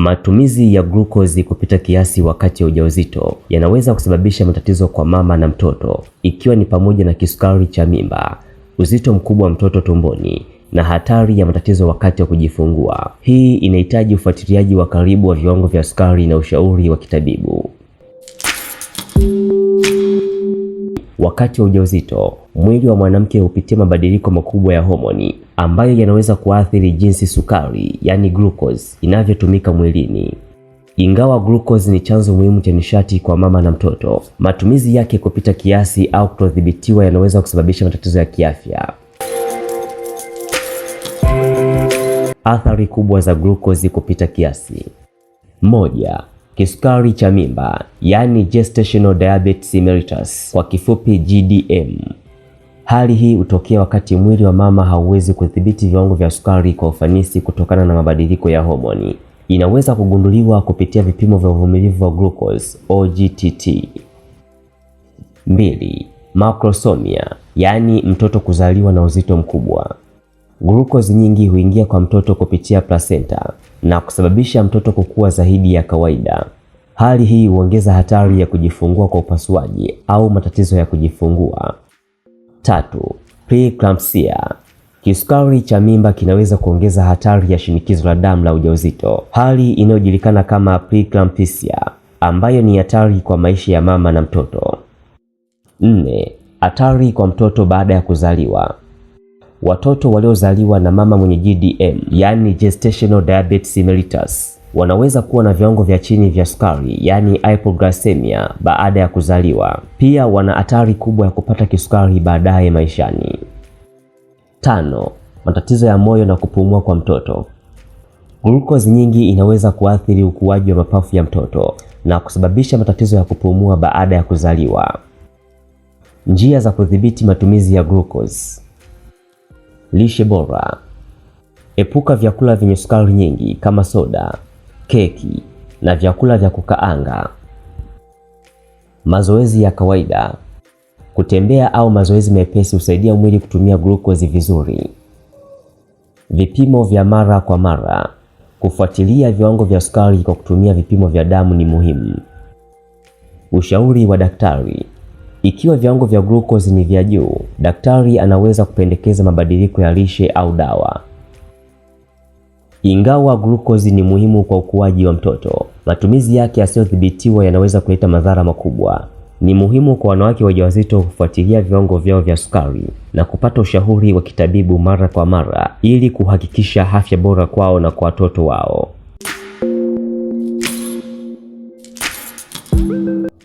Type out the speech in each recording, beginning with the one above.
Matumizi ya glukozi kupita kiasi wakati wa ujauzito yanaweza kusababisha matatizo kwa mama na mtoto, ikiwa ni pamoja na kisukari cha mimba, uzito mkubwa wa mtoto tumboni na hatari ya matatizo wakati wa kujifungua. Hii inahitaji ufuatiliaji wa karibu wa viwango vya sukari na ushauri wa kitabibu. Wakati wa ujauzito, mwili wa mwanamke hupitia mabadiliko makubwa ya homoni ambayo yanaweza kuathiri jinsi sukari, yani glucose, inavyotumika mwilini. Ingawa glucose ni chanzo muhimu cha nishati kwa mama na mtoto, matumizi yake kupita kiasi au kutodhibitiwa yanaweza kusababisha matatizo ya kiafya. Athari kubwa za glucose kupita kiasi. Moja, kisukari cha mimba, yaani gestational diabetes mellitus, kwa kifupi GDM. Hali hii hutokea wakati mwili wa mama hauwezi kudhibiti viwango vya sukari kwa ufanisi kutokana na mabadiliko ya homoni. Inaweza kugunduliwa kupitia vipimo vya uvumilivu wa glucose OGTT. 2. Macrosomia, yaani mtoto kuzaliwa na uzito mkubwa. Glucose nyingi huingia kwa mtoto kupitia placenta na kusababisha mtoto kukua zaidi ya kawaida. Hali hii huongeza hatari ya kujifungua kwa upasuaji au matatizo ya kujifungua. Tatu, preeclampsia. Kisukari cha mimba kinaweza kuongeza hatari ya shinikizo la damu la ujauzito, hali inayojulikana kama preeclampsia ambayo ni hatari kwa maisha ya mama na mtoto. Nne, hatari kwa mtoto baada ya kuzaliwa watoto waliozaliwa na mama mwenye GDM, yani gestational diabetes mellitus wanaweza kuwa na viwango vya chini vya sukari yaani hypoglycemia baada ya kuzaliwa. Pia wana hatari kubwa ya kupata kisukari baadaye maishani. Tano, matatizo ya moyo na kupumua kwa mtoto. Glukozi nyingi inaweza kuathiri ukuaji wa mapafu ya mtoto na kusababisha matatizo ya kupumua baada ya kuzaliwa. Njia za kudhibiti matumizi ya glukozi. Lishe bora: epuka vyakula vyenye sukari nyingi kama soda, keki na vyakula vya kukaanga. Mazoezi ya kawaida: kutembea au mazoezi mepesi husaidia mwili kutumia glukozi vizuri. Vipimo vya mara kwa mara: kufuatilia viwango vya sukari kwa kutumia vipimo vya damu ni muhimu. Ushauri wa daktari: ikiwa viwango vya glucose ni vya juu, daktari anaweza kupendekeza mabadiliko ya lishe au dawa. Ingawa glucose ni muhimu kwa ukuaji wa mtoto, matumizi yake yasiyodhibitiwa yanaweza kuleta madhara makubwa. Ni muhimu kwa wanawake wajawazito kufuatilia viwango vyao vya sukari na kupata ushauri wa kitabibu mara kwa mara ili kuhakikisha afya bora kwao na kwa watoto wao.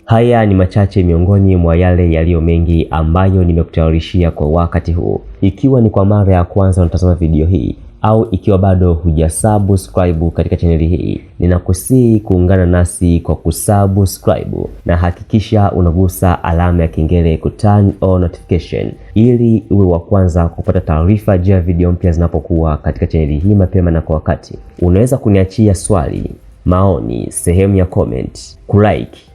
Haya ni machache miongoni mwa yale yaliyo mengi ambayo nimekutayarishia kwa wakati huu. Ikiwa ni kwa mara ya kwanza unatazama video hii au ikiwa bado hujasubscribe katika chaneli hii, ninakusii kuungana nasi kwa kusubscribe na hakikisha unagusa alama ya kengele ku turn on notification ili uwe wa kwanza kupata taarifa juu ya video mpya zinapokuwa katika chaneli hii mapema na kwa wakati. Unaweza kuniachia swali, maoni sehemu ya comment, kulike